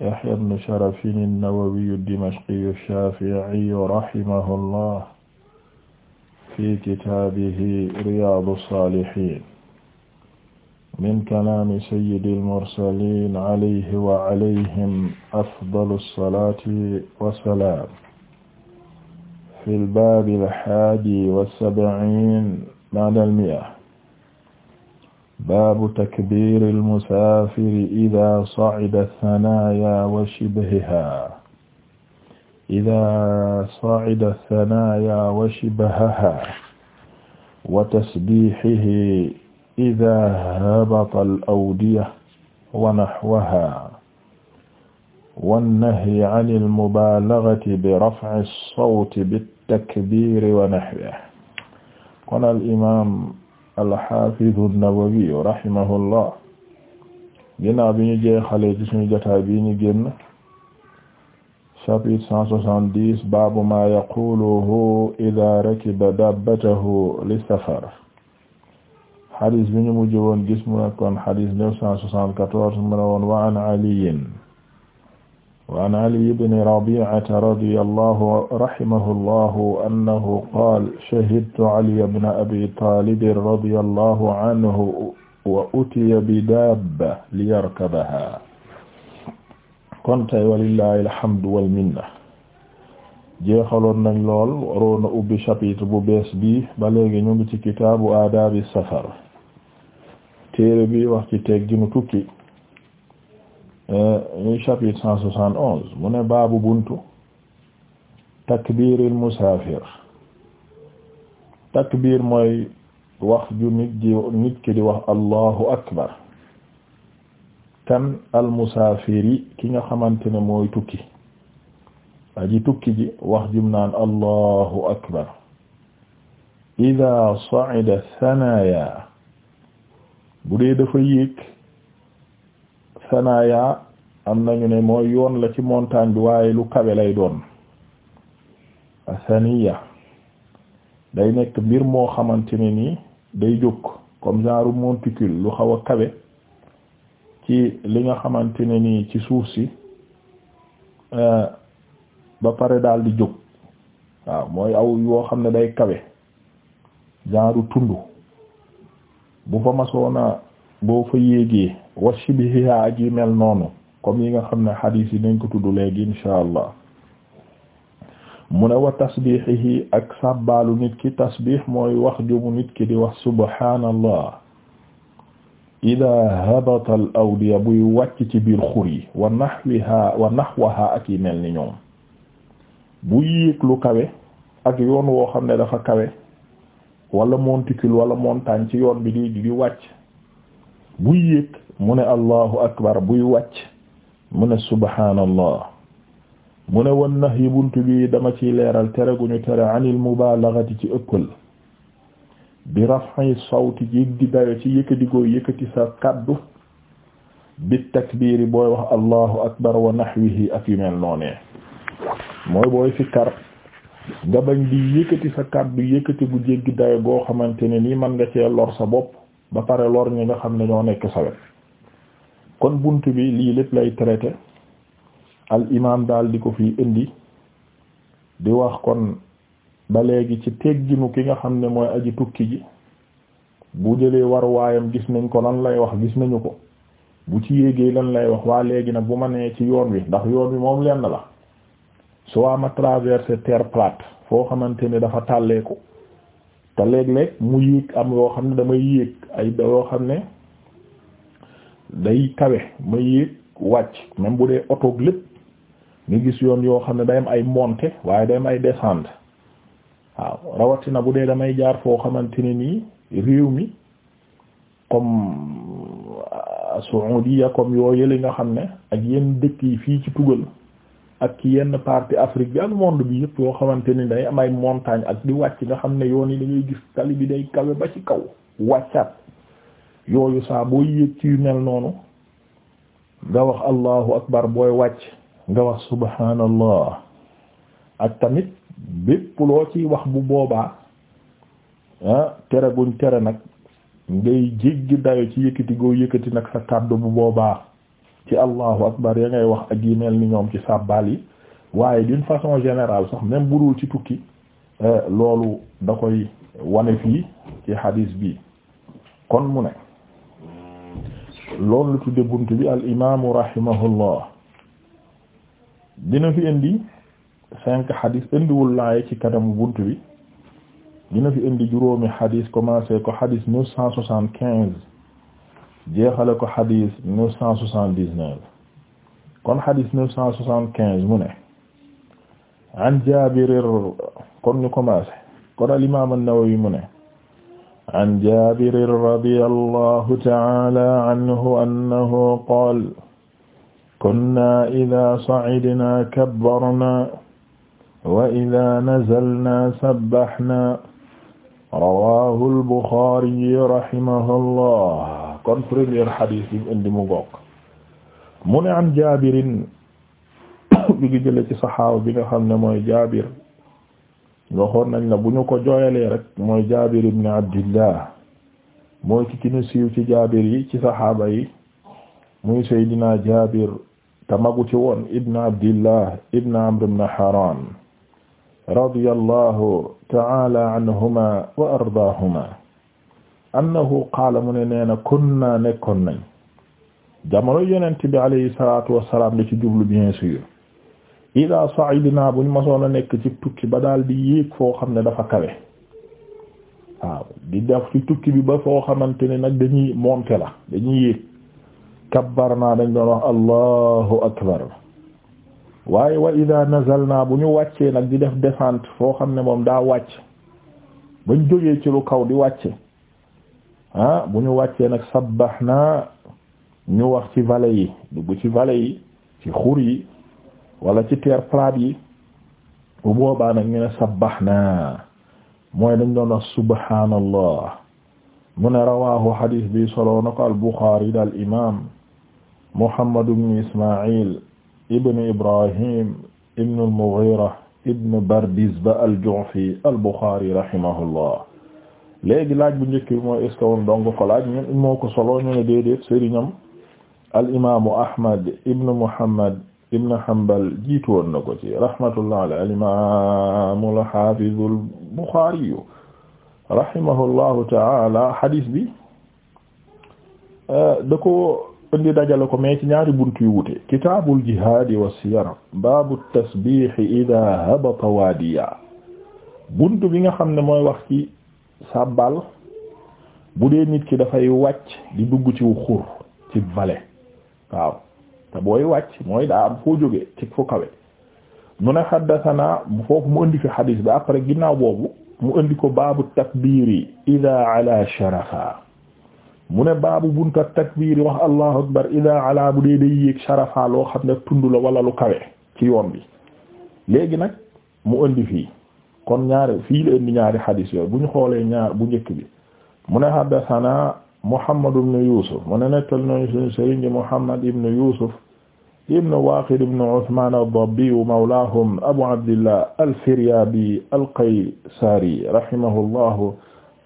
Yahya ibn Sharafin an-Nawawi ad-Dimashqi ash-Shafi'i rahimahullah fi kitaabihi Riyaadu as-Saalihiin min kalaami sayyidil mursaliin alayhi wa alayhim afdalu as-salaati wassalaam fil baabil haadi was-sab'iin ba'dal mi'a baabu takbiiri almusaafiri idaa sa'ida ath-thanaayaa wa shibhahaa idaa sa'ida ath-thanaayaa wa shibhahaa wa tasbiihihi idaa habata al-awdiya wa nahwahaa wan-nahyi 'ani al-mubaalaghati bi raf'i as-sawti bit-takbiiri wa nahwihi qaala al-imaam alxafidu an-Nawawi rahimahullah ginnaaw bi ñu jeexalee ci suñu jotaay bi ñu génn chapitre cent soixante-dix baabu ma yaquluhu ida rakiba dabbatahu li safar xadis bi ñu mujj woon gis mu nekkoon xadis neuf cent soixante-quatorze mu ne woon wa an aliyin waan ali ibn rabi'ata radiyallahu rahimahullahu annahu qaala shahidtu aliya bna abi taalibin radiyallahu anhu wa utiya bi daabba liyarkabaha kon tay walillahi alhamdu wal minna jeexaloon nañ lool waroon na ubbi chapitre bu bees bi ba léegi ñu ngi ci kitaabu aadaabi safar téere bi wax ci tegginu tukki Eh, muy chapitre cent soixante onze mu ne baabu buntu takbiiril musaafir takbiir mooy wax ju nit ki di wax allahu akbar kan al musaafiri ki nga xamante ne mooy tukki aji tukki ji wax jum naan allahu akbar ida sa'ida bu dee dafa sanaya am nañu ne mooy yoon la ci montagne bi waaye lu kawe lay doon asaniya day nekk mbir moo xamante ne nii day jóg comme genre monticule lu xaw a kawe ci li nga xamante ne nii ci suuf si euh, ba pare daal di jóg waaw mooy aw yoo xam ne day kawe genre tund bu fa masoona boo fa yéegee wa shibihiha ak yi mel noonu comme yi nga xam ne xadiis yi nañ ko tudd léegi insha allah mu ne wa tasbihihi ak sàbbaalu nit ki tasbih mooy wax jumu nit ki di wax subhaanallah ida habata al awdiya buy wàcc ci biir xur yi wa nahwiha wa nahwaha ak yi mel ni ñoom bu yéeg lu kawe ak yoon woo xam ne dafa kawe walla monticule wala montagne ci yoon bi di di wàcc buy yéeg mu ne allahu akbar buy wàcc mu ne subhaanallah mu ne wan nax yi bunt bi dama ciy leeral tere gu ñu tere anil mubaalaghati ci ëppal bi raf'i sawti yëg di dayo ci yëkkati goo yëkkati sa kàddu bi takbiiri booy wax allahu akbar wa nahwihi ak yu mel noonee mooy booy sikkar nga bañ di yëkkati sa kaddu yëkkati gu jéggi dayo goo xamante ne nii mën nga cee lor sa bopp ba pare lor ñi nga xam ne ñoo nekk sawet kon bunt bi lii lépp lay traité al imaam daal di ko fi indi di wax kon ba léegi ci tegginu ki nga xam ne mooy aji tukki ji bu jëlee war waayam gis nañ ko lan lay wax gis nañu ko bu ci yéegee lan lay wax waa léegi nag bu ma nee ci yoon wi ndax yoon wi moom lenn la soit ma traverser terre plate foo xamante ne dafa tàllee ko te léeg-léeg mu yéeg am yoo xam ne damay yéeg ay da yoo xam ne day kawe ma yéeg wàcc même bu dee otoog lépp nga gis yoon yoo xam ne day am ay montée waaye day ay descente waaw rawatina bu dee damay jaar foo xamante ne nii réew mi comme euh, Saoudia comme yoo yële nga xam ne ak yenn dëkk yi fii ci tugal ak ci yenn partie Afrique bi ak monde bi yëpp yoo xamante ni day am ay montagne ak di wàcc nga xam ne yoon yi da gis tali bi day kawe ba ci kaw wàccaat yooyu saa boo yéeg ci yu mel noonu nga wax allahu akbar booy wàcc nga wax subhanallah ak tamit bépp loo ci wax bu boobaa ah, tere guñ tere nag ngay jéggi dayo ci yëkkati goo yëkkati nag sa kàddu bu boobaa ci allahu akbar ya ngay wax ak yi mel ñoom ci sàbbaal yi waaye d'une façon générale sax même bu dul ci tukki euh, loolu da koy wane fii ci hadis bi kon mu ne loolu la tudde bunt bi al imaamu rahimahullah dina fi indi cinq hadis indiwul laaye ci kanamu bunt bi dina fi indi juróomi hadis commencé ko hadis neuf cent soixante quinze jeexale ko xadis neuf cent soixante-dix-neuf kon xadis neuf cent soixante-quinze mu ne an Jaabir kon ñu commencé kon al imaam an-Nawawi mu ne an Jaabir radiyallahu ta'ala anhu annahu qaala kunna idaa sa'idnaa kabbarnaa wa idaa nazalnaa sabbahnaa rawaahu al-Buxaari rahimahullah kon premier hadith bi indi mu gokk mu ne an jaabirin bi ngi jële ci saxaaba bi nga xam ne mooy jaabir waxoon nañ la bu ñu ko jooyalee rek mooy jaabir ibn abdillah mooy ki gën a siiw ci jaabir yi ci saxaaba yi muy seydina jaabir te magu ci woon ibn abdillah ibn amr ibn haram radiyallahu ta'ala anhuma wa ardaahuma annahu qaala mu ne nee na kunna nekkoon nañ jamono yonent bi alayhi salaatu wassalaam da ci jublu bien sûr ida saidna buñ masoon a nekk ci tukki ba daal di yéeg foo xam ne dafa kawe waaw di def ci tukki bi ba foo xamante ne nag dañuy monter la dañuy yéeg kabbarna dañ doon wax allahu akbar waaye wa ida nazalna bu ñu wàccee nag di def descente foo xam ne moom daa wàcc bañ jógee ci lu kaw di wàcce ah bu ñu wàccee nag sabbax naa ñu wax ci vallée yi dugg ci vallée yi ci xur yi wala ci terre plate yi bu boobaa nag ñu ne sabbax naa mooy dañ doon wax subhaanallah mu ne rawaahu xadiis bi soloo na ko al Buxaari daal imaam Muhammad ibn Ismaa'il ibn Ibrahim ibn al-Mughira ibn Bardizbah al-Ju'fi al Buxaari rahimahullah léegi laaj bu njëkk bi mooy est-ce que woon dong ko laaj ñun moo ko solo ñu ne déedéet sëriñam al imaamu Ahmad ibn Muhammad ibn Hanbal jiitu woon na ko ci rahmatullah ala al imaamu al haafiz al Buxaari rahimahullahu taala hadis bi euh, da ko indi dajale ko mais ci ñaari buntu yu wute kitaabul jihaadi wa siyar baabu tasbiix idaa habata waadiya buntu bi nga xam ne mooy wax ci sàbbal bu dee nit ki dafay wàcc di dugg ci xur ci vallée waaw te booy wàcc mooy daa am foo jógee ci fu kawe mu ne xaddasanaa foofu mu indi fi xadiis bi après ginnaaw boobu mu indi ko baabu takbiiri idaa ala mu ne baabu bunta takbiiri wax allahu akbar idaa ala bu dee day yéeg sharafa loo xam ne tund la wala lu kawe ci yoon bi léegi nag mu indi fii kon ñaare fii la indi ñaari xadis yooyu bu ñu xoolee ñaar bu njëkk bi mu ne haddathana Muhammad ibn Yusuf mu ne nettal nañu suñu sëriñ di Muhammad ibn Yusuf ibn Waaqid ibn Usmaan ad-Dabbi mawlaahum Abu Abdillah al-Firyaabi al-Qaysaari rahimahullahu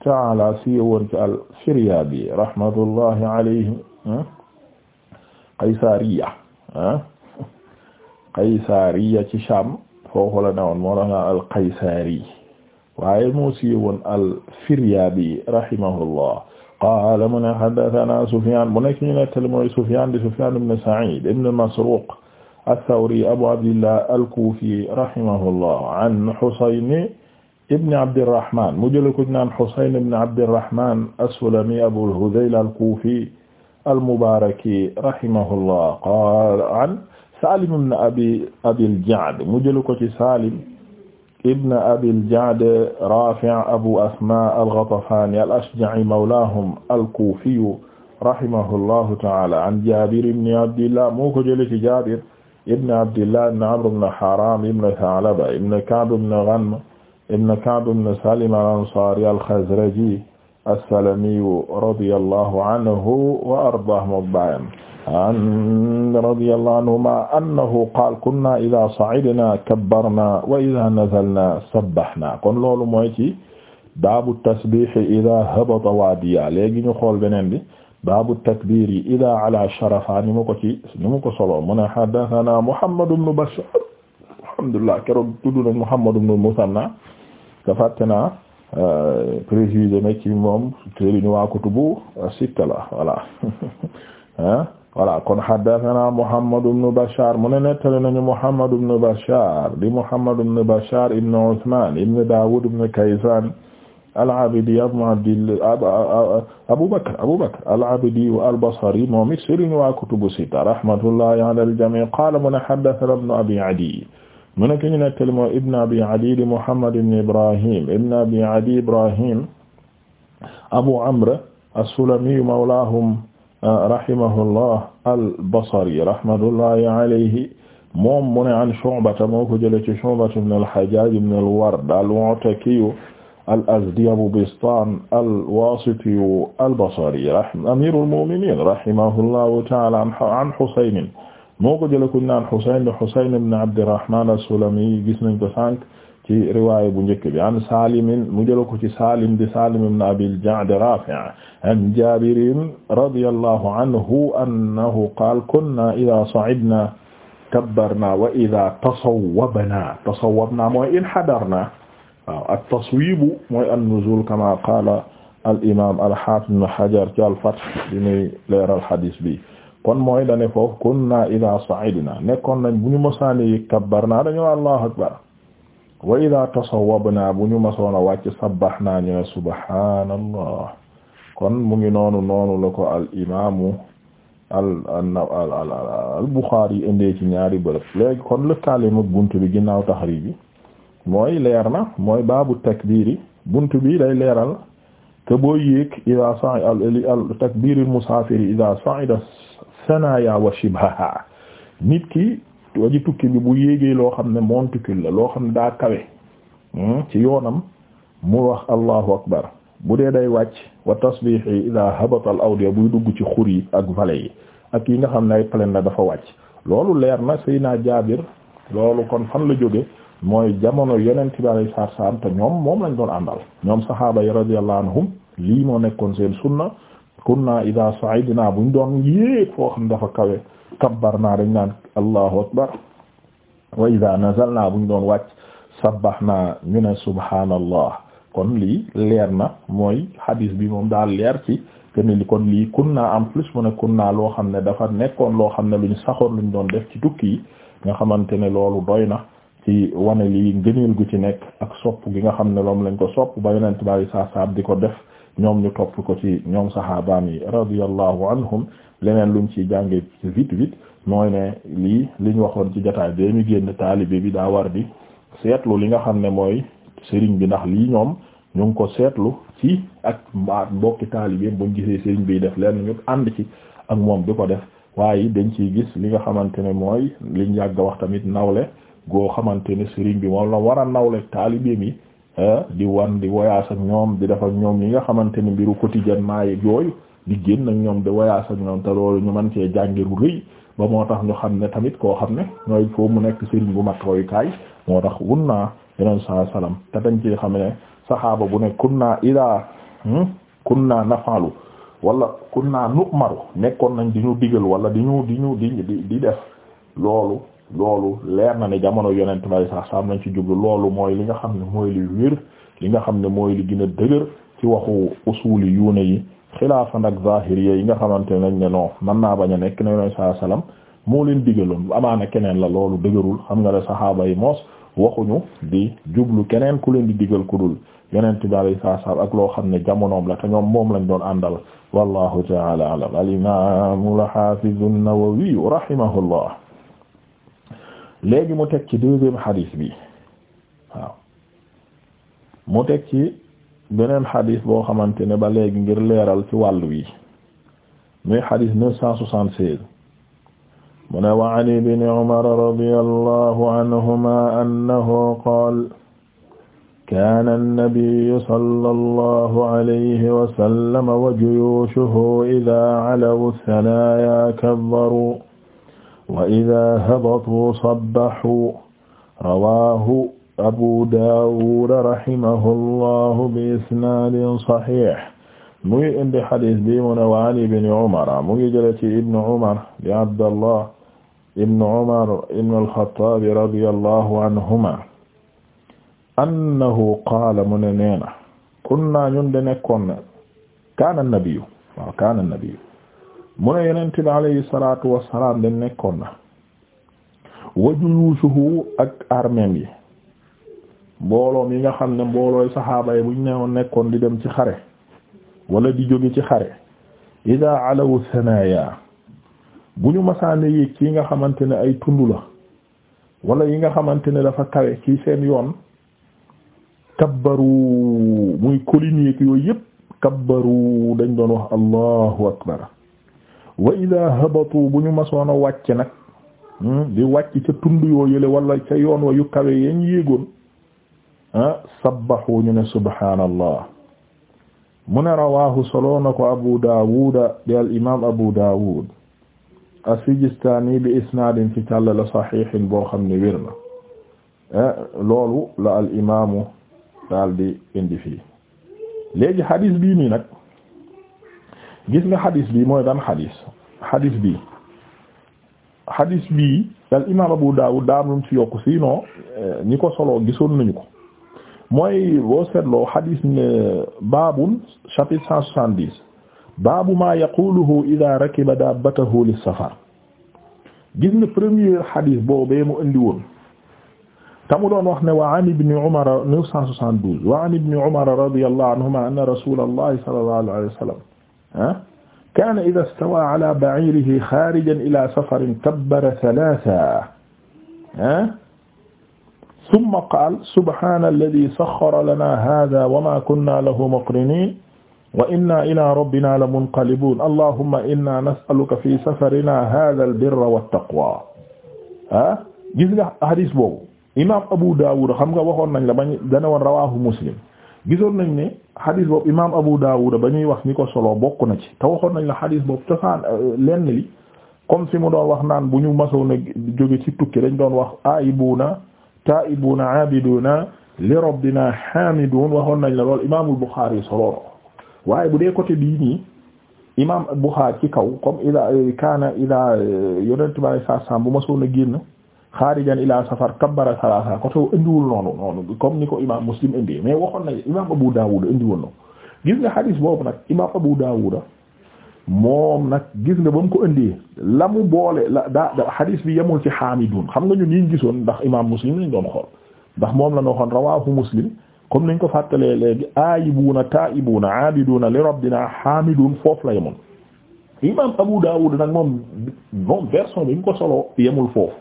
ta'aala si woon ci al-Firyaabi rahmatullahi alayhi hmm? Qaysaariya hmm? Qaysaariya ci Shaam foofu la newoon moo tax naa al-Qaysaari waaye moo siy woon al-Firyaabi rahimahullah qaala mu ne haddathanaa Sufyaan mu nekk ñu nettali mooy Sufyaan di Sufyaan ibn Sa'iid ibn Masruuq ath-Thawri Abu Abdillah al-Kuufi rahimahullah an Husayn ibn Abdirrahmaan mu jël ko naan Husayn ibn Abdirrahmaan as-Sulami Abul Hudayl al-Kuufi al-Mubaaraki rahimahullah qaala an Salim ibn Abi Abil Ja'd mu jël ko ci Salim ibn Abil Ja'd Rafi' Abu Asma al-Ghatafani al-Ashja'i mawlahum al-Kufi rahimahullahu ta'ala an Jabir ibn Abdillah mu ko jël ci Jabir ibn Abdillah ibn Amr ibn Haram ibn Tha'laba ibn Ka'b ibn Ghanm ibn Ka'b ibn Salim al-Ansari al-Khazraji as-Salami radiyallahu anhu wa ardaahu an radiyallahu anhuma annahu qaal kunna ida saidna kabbarna wa ida nazalna sabbahna kon loolu mooy ci baabu tasbihi ida habata waadiya léegi ñu xool beneen bi baabu takbiri ida ala sharafa ni mu ko ci ni mu ko solo mu ne hadathana Muhammad ibn Bashar alhamdulillah keroog tudd na Muhammad ibn Musanna te fàtte naa euh, précisé na ci moom tëriñu waa kutubu sitta la voilà voilà kon haddathana Muhammad ibn Bashar mu ne nettali nañu Muhammad ibn Bashar di Muhammad ibn Bashar ibn Uthman ibn Dawud ibn Kaysan al-Abdi Abu Abdillah Abu Bakr Abu Bakr al-Abdi al-Basri moom it sëriñ waa kutubu sitta rahmatullahi ala al-jami' qala mu ne haddathana ibn Abi Adi mu ne ki ñu nettali moo ibn Abi Adi di Muhammad ibn Ibrahim ibn Abi Adi Ibrahim Abu Amr as-Sulami mawlahum rahimahullah al-Basri rahmatullahi alayhi moom mu ne an Shu'bata moo ko jëlee ci Shu'bata ibn al-Hajjaj ibn al-Ward al-Mu'taki al-Azdi Abu Bistan al-Wasiti al-Basri amirul mu'minin rahimahullahu ta'ala an Husayn moo ko jëlee ku ñu naan Husayn de Husayn ibn Abdirrahman as-Sulami gis nañ ko sànq ci riwaaya bu njëkk bi an Salim mu jëlee ko ci Salim di Salim ibn Abil Ja'd Rafi' an jabirin radiyallahu anhu annahu qaal kunna ida saidna kabbarna wa ida tasawwabna tasawwabna mooy inhadarna waaw ak taswibu mooy annuzul kama qaala al imam al-hafiz ibn hajar ci al-fath di ñuy leeral hadis bi kon mooy dane foofu kunna ida saidna nekkoon nañ bu ñu mosaani kabbarna dañoo allahu akbar wa ida tasawwabna bu ñu mosoon a wàcc sabbahna ñu ne subhanallah kon mu ngi noonu noonu la ko al imaamu al al al al Buxaari indee ci ñaari bërëb léegi kon lëkkaale mag buntu bi ginnaaw taxriij bi mooy leer na mooy baabu takbiiri bunt bi day leeral te boo yéeg idaa sa'id al takbiiri musaafiri idaa sa'ida sanaaya wa shibhaha nit ki waji tukki bi bu yéegee loo xam ne monticule la loo xam ne daa kawe hmm, ci yoonam mu wax allahu akbar bu dee day wàcc wa tasbihi ila habata al awdiya buy dugg ci xur yi ak vallée yi ak yi nga xam ne ay plaine la dafa wàcc loolu leer na Seydina Jaabir loolu kon fan la jóge mooy jamono yonent bi alayhi salaatu ñoom moom lañ doon àndal ñoom sahaaba yi radiyallahu anhum lii moo nekkoon seen sunna kunna ida sa'idna buñ doon yéeg foo xam dafa kawe kabbarna dañ naan allahu akbar wa ida nazalna buñ doon wàcc sabbahna ñu ne subhaanallah kon lii leer na mooy xadiis bi moom daal leer ci kenn li kon lii kunnaa en plus mu ne kunnaa loo xam ne dafa nekkoon loo xam ne luñ saxoon luñ doon def ci tukki yi nga xamante ne loolu doy na ci wane lii ngëneel gu ci nekk ak gi nga xam ne loom lañ ko sopp ba yonent bi saa saab di ko def ñoom ñu topp ko ci ñoom saxaabaan yi radiyallahu anhum leneen luñ ciy ci vite vite mooy ne lii liñ waxoon ci jotaay bee ñu génn taalibe bi daa war di seetlu li nga xam ne mooy sëriñ bi ndax lii ñoom ñu ngi ko seetlu ci ak mbaa mbokki taalibe buñ gisee sëriñ biy def leen ñu ànd ci ak moom di ko def waaye dañ ciy gis li nga xamante ne mooy liñ yàgg wax tamit nawle goo xamante ne sëriñ bi moom la war a nawle eh, di wan di voyage ak ñoom di def ak ñoom yi nga xamante ne mbiru quotidien maaye yooyu di génn ak ñoom di voyage ak ñoom te loolu ñu mën cee jàngiru rëy ba moo tax ñu xam ne tamit koo xam ne ñooy foo mu nekk sëriñ bu mat royukaay moo tax wun naa yeneen saa salaam te dañ ci xam ne saxaaba bu ne kunna idaa hmm, kunna nafalu wala kunna nu'maru nekkoon nañ di ñu digal wala di ñu di ñu di di def loolu loolu leer na ne jamono yonent may sax saam nañ ci jublu loolu mooy li nga xam ne mooy li wér li nga xam ne mooy li gën a dëgër ci waxu usuli yuune yi xilaafan ak zahiriya yi nga xamante nañ ne non man naa bañ a nekk na yonent saa salaam moo leen digaloon amaana keneen la loolu dëgërul xam nga ne saxaaba yi moos waxuñu di jublu keneen ku leen di digal ku dul yeneen tubaab yi ak loo xam ne jamonoom la te ñoom moom lañ doon àndal wallahu ta'ala a'lam al-imam al-hafiz an-Nawawi rahimahullah léegi mu teg ci deuxième hadith bi waaw mu teg ci beneen hadith boo xamante ne ba léegi ngir leeral ci wàll wi muy hadith neuf mu ne wa an ibni umara radiyallahu anhuma annahu qaala kaana annabiyyu sallallahu alayhi wa sallam wa juyuushuhu idaa alawu thanaayaa kabbaruu wa idaa habatuu sabbahuu rawaahu abu daawud rahimahullahu bi isnaadin saxiix mu ngi indi xadiis bi mu ne wa an ibni umara mu ngi jële ci ibni umar di abdallah ibn Umar ibn al-Khattab radiyallahu anhuma annahu qaala mu ne neena kunna ñun de nekkoon na kaana nabiyu waaw kaana nabiyu mu ne yonent bi alayhi salaatu wassalaam de nekkoon na wa juyuushuhu ak armeem yi mbooloom yi nga xam ne mboolooy saxaaba yi buñ neewoon nekkoon di dem ci xare wala di jóge ci xare idaa alawu sanaya bu ñu masaane yéeg ci yi nga xamante ne ay tund la wala yi nga xamante ne dafa kawe ci seen yoon kabbaru muy colline yeeg yooyu yëpp kabbaru dañ doon wax allahu akbar wa ida habatu bu ñu masoon a wàcc nag hmm, di wàcc ca tund yoo yële wala ca yoon wa yu kawe yañ yéegoon ah sabbaxu ñu ne subhaanallah mu ne rawaahu solo na ko abu daawuda di al abu daawud as-Sijistaani bi isnaadin ci càllala saxiixin boo xam ne wér na eh, loolu la al imaamu daal indi fi léegi xadis bii nii nag gis nga xadis bi mooy ban xadis xadis bi xadis bii al imaam Abu Daawud daam lu mu ci yokk sinon eh, ñi ko soloo gisoon nañu ko mooy boo seetloo xadis ne baabun chapitre cent soixante-dix baabu maa yaquluhu ida rakiba dabbatahu lis safar gis nga premier hadith boobee mu indi woon ta mu doon wax ne wa an ibni umara 972 wa an ibni umara radiyallahu anhuma anna rasulallahi sallallahu alayhi wa sallam ah, kaana ida istawaa ala ba'irihi xaarijan ila safarin kabbara salaasa ah, summa qaala subhaana allazii saxxara lanaa haazaa wa maa kunnaa lahu muqriniin wa inna ila rabbina la munqalibun allahumma inna nas'aluka fi safarina hadha albirra wattaqwa ah gis nga hadis boobu imam Abu Dawud xam nga waxoon nañ la bañ dana woon rawahu muslim gisoon nañ ni hadis boobu imam Abu Dawud ba ñuy wax ni ko solo bokk na ci te waxoon nañ la hadis boobu cosaan euh, lenn li comme si mu doon wax naan bu ñu masoon a jóge ci tukki dañ doon wax aibuna taibuna abiduna li rabbina hamidun waxoon nañ la lool imamul Bukhari solo waaye bu dee côté bii nii imam Bukhari ci kaw comme ila kaana ila yonent bi saa saam bu ma soon a génn xaarijan ila safar kabbara salasa côté indiwul noonu noonu comme ni ko imam Muslim indi mais waxoon nañ imam Abu Dawud indiwoon na gis nga hadis boobu nag imam Abu Dawud moom nag gis nga ba mu ko indee la mu boole la daa da hadis bi yemul ci xaamidun xam nga ñun ñu gisoon ndax imam Muslim lañ doon xool ndax moom la ñu waxoon rawahu Muslim comme lañ ko fàttalee léegi aayibuna taibuna abiduna li rabbina hamidun foofu la yemoon imam Abu Dawud nag moom moom version bi ñu ko solo yemul foofu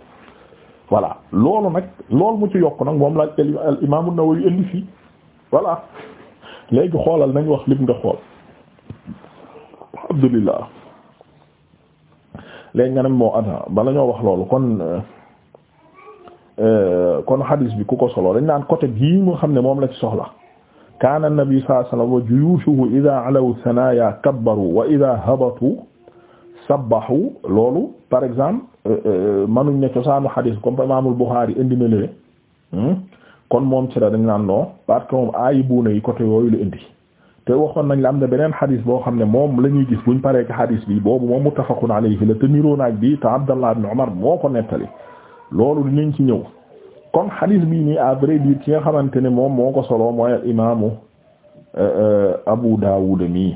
voilà loolu nag lool mu ci yokk nag moom la al imam an-Nawawi léegi xoolal nañ wax lim nga xool alhamdulillah léegi nga ne moo ata bala ñoo wax loolu kon euh, euh, kon hadis bi ku ko solo dañ naan côté bii nga xam ne moom la ci soxla kaana nabi sallallahu alayhi wasallam wa juyuushuhu ida alaw sanaya kabbaru wa ida habatu sabbahu loolu par exemple euh, euh, manuñ ne cosaanu hadis comme imaamul Buxaari indi na lee hmm? kon moom ci la naan non parce que moom yi côté yooyu la indi te nañ la am na beneen hadis boo xam ne moom la ñuy gis buñ paree ci hadis bi boobu moom muttafaqun alayhi la te niroo naaj bi te Abdallah ibn Umar moo ko nettali loolu dinañ ci ñëw kon xadis bii nii à vrai dire nga xamante ne moom moo ko solo mooy al imaamu euh, euh, Abu Dawud mii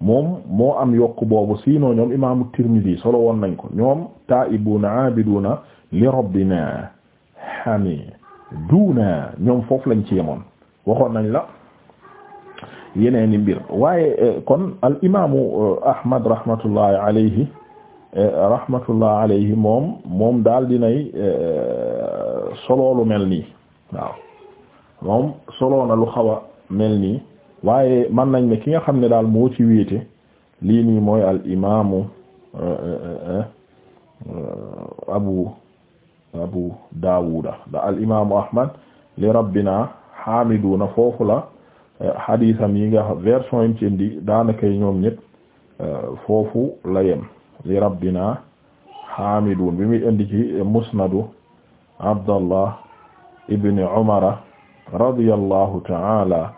moo am yokk boobu sinon ñoom imaamu Tirmidhi solo woon nañ ko ñoom taa'ibuna abiduna li rabbina hamiduna ñoom foofu lañ ci yemoon waxoon nañ la yeneeni mbir waaye euh, kon al imaamu Ahmad rahmatullahi alayhi rahmatullah alayhi moom solo lu mel nii waaw moom solo na lu xaw mel nii waaye mën nañ ne ki nga xam ne daal moo ci wéete lii nii mooy al imaamu euh, euh, euh, abu daawuda da al imaamu ahmad li rabbina hamiduna foofu la xadiisam yi nga version yim ci indi daanaka ñoom ñépp foofu la yem li rabbina hamidun bi muy indi ci musnadu abdallah ibni umara radiyallahu taala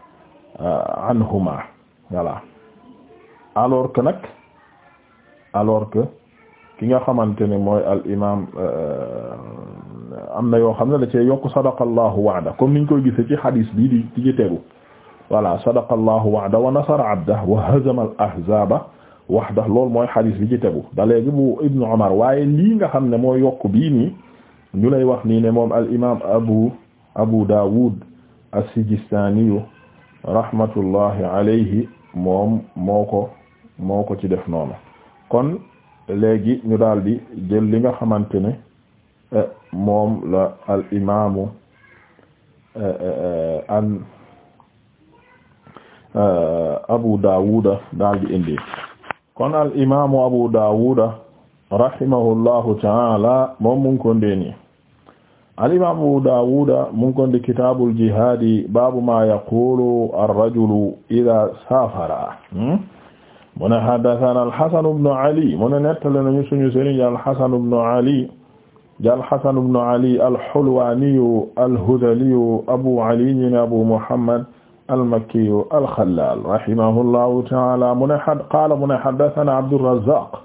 euh, anhuma voilà alors que nag alors que ki nga xamante ne mooy al imam euh, am na yoo xam ne da cee yokk sadaqallahu wa'da comme niñ koy gise ci hadis bi di di ci tegu voilà sadaqallahu wa'da wa nasara abdah wa hazama al ahzaba wahda loolu mooy hadis bi ci tegu da léegi bu ibnu umar waaye lii nga xam ne mooy yokk bii nii ñu lay wax nii ne moom al imaam abu abu daawud as-sijistaaniyu rahmatullahi alayhi moom moo ci def noonu kon léegi ñu daal di jël li nga xamante ne eh, moom la al imaamu eh, eh, an abu daawuda daal di kon al abu daawuda rahimahullahu taala moom mu ngi al-imaam Abu Daawud mu ngi ko indi kitaabul jihaadi baabu maa yaquulu ar-rajulu idaa saafara mu ne haddasanaa al-Hasan ibnu Ali mu ne nettali nañu suñu sëriñ al-Hasan ibnu Ali al-Hasan ibnu Ali al-Hulwaaniyu al-Hudhaliyu Abu Ali ñu ne Abu Muhammad al-Makkiyu al-Xallaal rahimahullahu ta'aala mu ne qaala mu ne haddasanaa Abdur-Razzaaq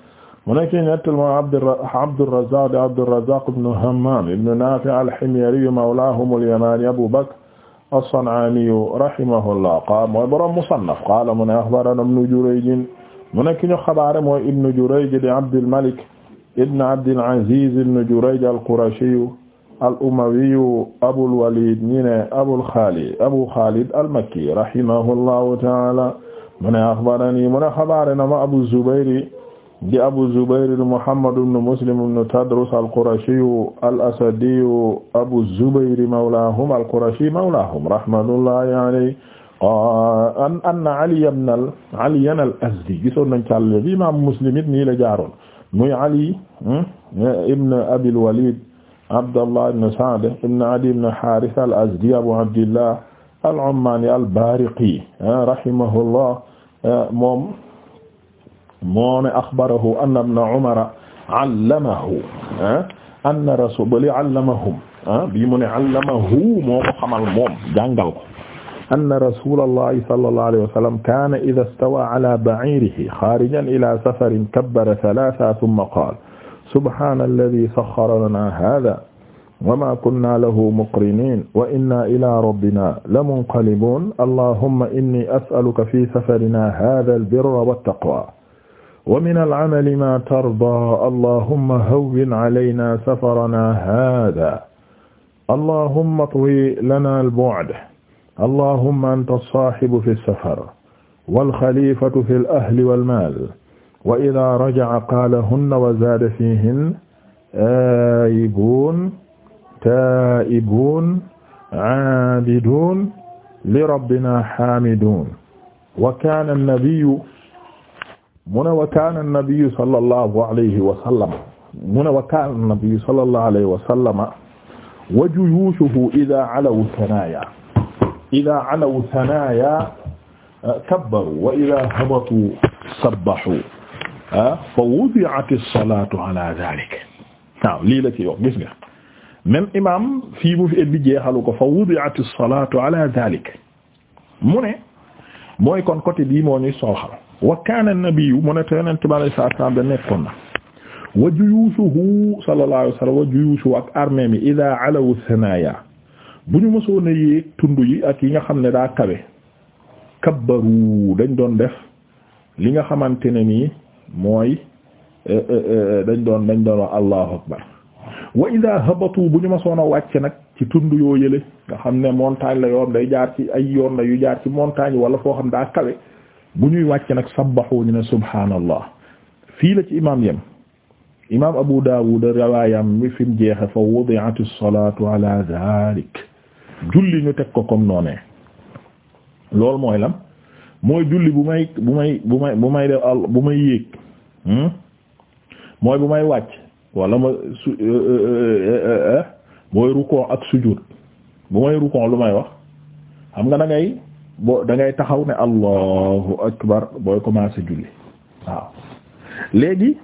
mu nekk nettal moo Abdurrazzaq de Abdurrazzaq ibn Hammam ibn Nafi' al-Himyari mawlahum al-Yamani Abu Bakr as-San'ani rahimahullah qaala mooy borom Musannaf qaala mu ne akhbarana Ibn Jurayj mu nekk ñu xabaare mooy Ibn Jurayj di Abdul Malik ibn Abdil Aziz ibn Jurayj al-Qurashi al-Umawi Abul Walid ñi ne Abul Khalid Abu Khalid al-Makki rahimahullahu ta'ala mu ne akhbarani mu ne xabaare na ma Abu Zubayr di abu zubair muhammad ibn muslim ibn tadrus al-qurashiyu al-asadiyu abu zubair mawlaahum al-qurashi mawlaahum rahmatullahi alayhi an anna ali ibn al ali al-azdi gisoon nañ càll bi imam muslim it nii la jaaroon muy ali hmm, ibn abi al-walid abdallah ibn sa'd ibn adi ibn harith al-azdi abu abdillah al-ummani al-bariqi rahimahullah moom moo ne axbarahu anna ibna umara allamahu ah, anna rasul bali allamahum ah, bii mu ne allamahu moo ko xamal moom jàngal ko anna rasulallahi sallallahu alayhi wa sallam kaana idaa istawaa ala ba'iirihi xaarijan ila safarin kabbara salaasa summa qaala subhaana allazii saxxara lanaa haazaa wa maa kunnaa lahu muqriniin wa innaa ilaa rabbinaa lamunqalibuun allahumma innii as'aluka fii safarinaa haazal birra wattaqwaa wa min al-amali ma tarda allahumma hawwin alaynaa safaranaa haadaa allahumma atwi lanaa al-bu'd allahumma anta as-saahibu fi as-safar wal-khaliifatu fi al-ahli wal-maal wa idhaa raja'a qaalahunna wa zaada fiihinna aa'ibuun taa'ibuun 'aabiduun li rabbinaa haamiduun wa kaana an-nabiyyu mu ne wa kaana nabiyu sallallahu alayhi wa sallam mu ne wa kaana nabiyu sallallahu alayhi wa sallama wa juyuushuhu idaa alaw sanaaya idaa alaw sanaaya kabbaru wa idaa habatu sabbahu fa wudi'at as-salaatu ala dhaalika waaw lii la ci yow gis nga même imaam fii bu fi indi jeexalu ko fa wudi'at as-salaatu ala dhaalika mu ne mooy kon côté bii moo ñuy soxal wa kaana nabiyu mu a te yonent bi alayhi salaatu salaam nekkoon na wa juyuushuhu sallallahu alayhi wa sallam wa ak armée mi idaa alawu sanaaya bu ñu mësoon a yéeg tund yi ak yi nga xam ne daa kawe kabbaru dañ doon def li nga xamante ne nii mooy eh, eh, eh, dañ doon dañ doon wax allahu akbar wa idaa habatu bu ñu mësoon a wàcc nag ci tund yoo yële nga xam ne montagne la yoon day jaar ci ay yoon la yu jaar ci montagne wala foo xam daa kawe bu ñuy wàcc nag sabbahu ñu ne subhaanallah fii la ci imaam yem imaam Abu Daawud riwaayam mi fi mu jeexe fa wudi'at a salaatu ala zaalik julli ñu teg ko comme noonee loolu mooy la mooy julli bu may bu may bu may bu may def al bu may yéeg hmm? mooy bu may wàcc walla ma su euh, euh, euh, mooy rukoo ak sujud bu may rukoo lu may wax xam nga da boo da ngay taxaw ne allahu akbar booy commencer julli waaw léegi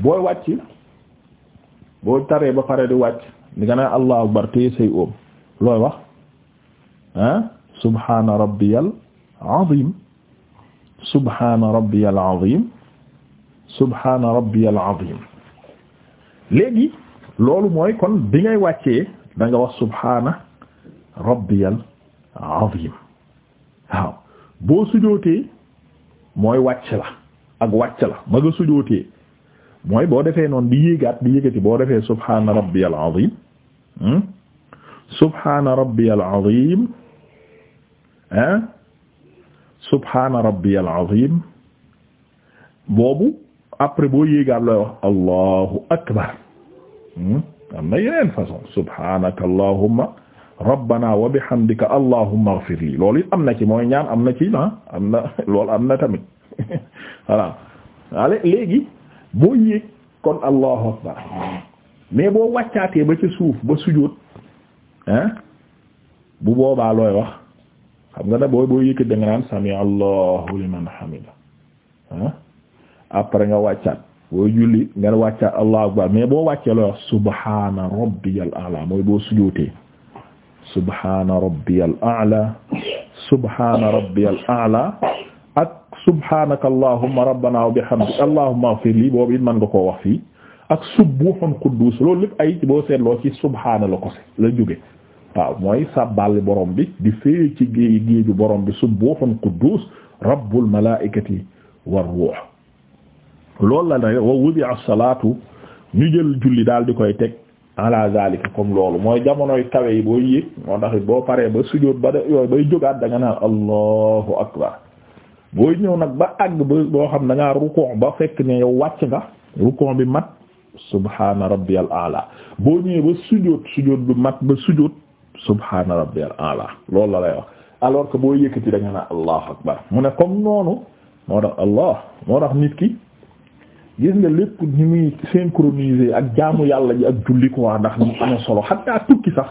booy wàcc boo taree ba pare di wàcc di nga ne allahu akbar téye say óom looy wax ah subhana rabbiyal azim subhana rabbiyal azim subhana rabbiyal azim léegi loolu mooy kon bi ngay wàccee da nga wax subhana rabbiyal azim waaw boo sujootee mooy wàcc la ak wàcc la ba nga mooy boo defee noonu di yéegaat di yëkkati boo defee subhaana rabbiyal azim hmm? subhaana rabbiyal azim ah subhaana rabbiyal azim boobu après boo yéegaat looy wax allahu akbar hmm? yeneen façon subhaanaka allahumma rabbana wa bihamdika allahumma ighfir li loolu it am na ci mooy ñaan am na ci ah am na loolu am na tamit voilà ale léegi boo yéeg kon allahu akbar mais boo wàccaatee ba ci suuf ba sujjóot hein bu boobaa looy wax xam nga da boo yëkkat da nga naan sami allahu liman hamida hein après nga wàccaat boo julli nga wàccaat allahu akbar mais boo wàccee looy wax subhana rabbiyal a'la mooy boo sujjóotee subhaana rabbiyal a'la subhaana rabbiyal a'la ak subhaanaka allahumma rabbana wa bihamdika allahumma ighfir li boobu it mën nga koo wax fii ak subbuhun quddus loolu lépp ay boo seetloo ci subhaana la ko se la jóge waaw mooy sàbbal borom bi di fee ci géej géeju borom bi subbuhun quddus rabbul malaa'ikati war ruux loolu la ne wa wudi'a as-salaatu ñu jël julli daal di koy teg ala zalika comme loolu mooy jamonoy kawe yi boo yéeg moo tax boo paree ba sujjóot ba de bay jógaat danga naa naan allahu akbar booy ñëw nag ba àgg boo xam da ngaa rukon ba fekk ne yow wàcc nga rukon bi mat subhana rabbiyal ala boo ñëwee ba sujjóot sujjóot bi mat ba sujjóot subhana rabbiyal ala loolu la lay wax alors que boo yékkati da nga naan akbar mu ne comme noonu moo tax allah moo tax nit ki gis nga lépp ni muy synchronisé ak jaamu yàlla ji ak julli quoi ndax ñu amee solo xataa tukki sax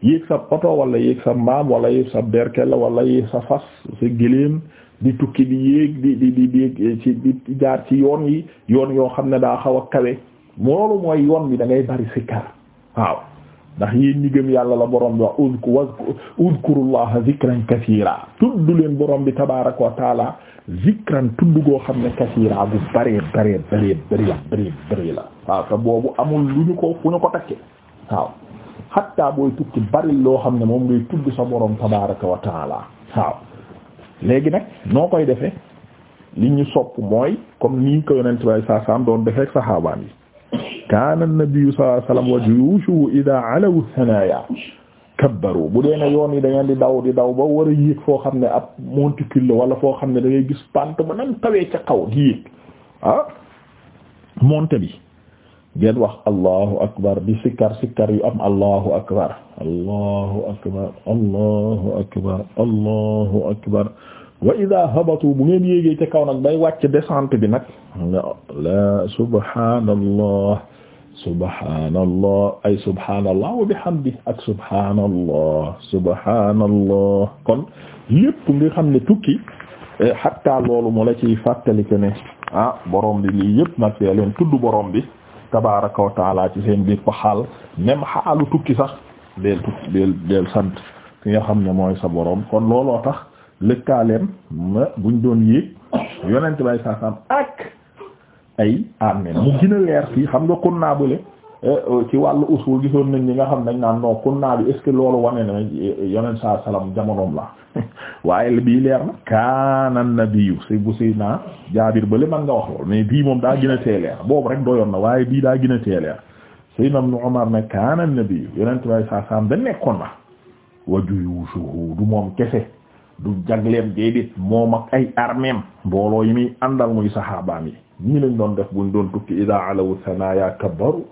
yéeg sa poto walla yéeg sa mbaam wala yéeg sa berkela wala yéeg sa fas sa gëléem di tukki di yéeg di di di di ci di jaar ci yoon yi yoon yoo xam ne daa xaw a kawe loolu mooy yoon bi da ngay bari sikkar waaw ndax yéen ñi gëm yàlla la borom bi wax udku wazku zikran kasiira tudd leen borom bi tabaarak wa taala zikran tudd goo xam ne kasiira gu bëree bëree bëree bëri bëri bëri la waaw te boobu amul lu ñu ko fu ñu ko takke waaw xattaa booy tukki bari loo xam ne moom ngay tudd sa borom tabaarak wa taala waaw léegi nag noo koy defee li ñu sopp mooy comme ni ko yonent bi sallallahu alayhi wasallam doon defeek saxaabaan yi kaana nabiyyu sallallahu alayhi wa sallam wa juyuushuhu idaa alaw sanaayaa kabbaru bu dee ne yoon yi da ngeen di daw di daw ba war a yéeg foo xam ne ab monticule la wala foo xam ne da ngay gis pant ba nam tawee ca kaw di yéeg ah monte bi ngeen wax allahu akbar di sikkar sikkar yu am allahu akbar allahu akbar allahu akbar allahu akbar wa ida habatu bu ngeen yéegee ca kaw nag bay wàcc descente bi nag la subhaanallah subhanallah ay subhanallah wa bihamdi ak subhanallah subhanallah kon lépp nga xam ne tukki eh, hatta loolu mu la ciy fàttali que ah, borom bi lii yëpp nag dee leen tudd borom bi tabaraka wa taala ci seen biir ko xaal même xaalu tukki sax deel tukki deel sant ki nga xam ne mooy sa borom kon looloo tax lëkkaaleem buñ doon yéeg yonent bay saasaam ak ay armée ah, mu gën a leer fii xam nga kunnaa bële eh, ci wàllu usul gisoon nañ ñi nga xam dañ naan non kunnaa bi est ce que loolu wane na eh, yonent saa salaam la waaye bii leer na kaana nabiyyu si bu si naa jaabir bële man nga wax lool mais bii moom daa gën a tee boobu rek doyoon na waaye bii daa gën a tee leer sayyidina ibn Umar ne kaana nabiyyu yonent bay saa salaam da nekkoon na wa juyuushuhu du moom kese du jagleem déedéet moom ak ay armeem mbooloo yi muy àndal muy saxaabaam yi ñii lañ doon def buñ doon tukki ida alawu sanaya kabbaru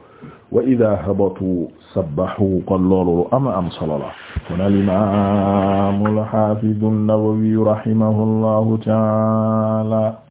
wa ida habatu sabbahu kon loolu ama am solo la kon al-imaam al-haafiz an-Nawawi rahimahullahu ta'ala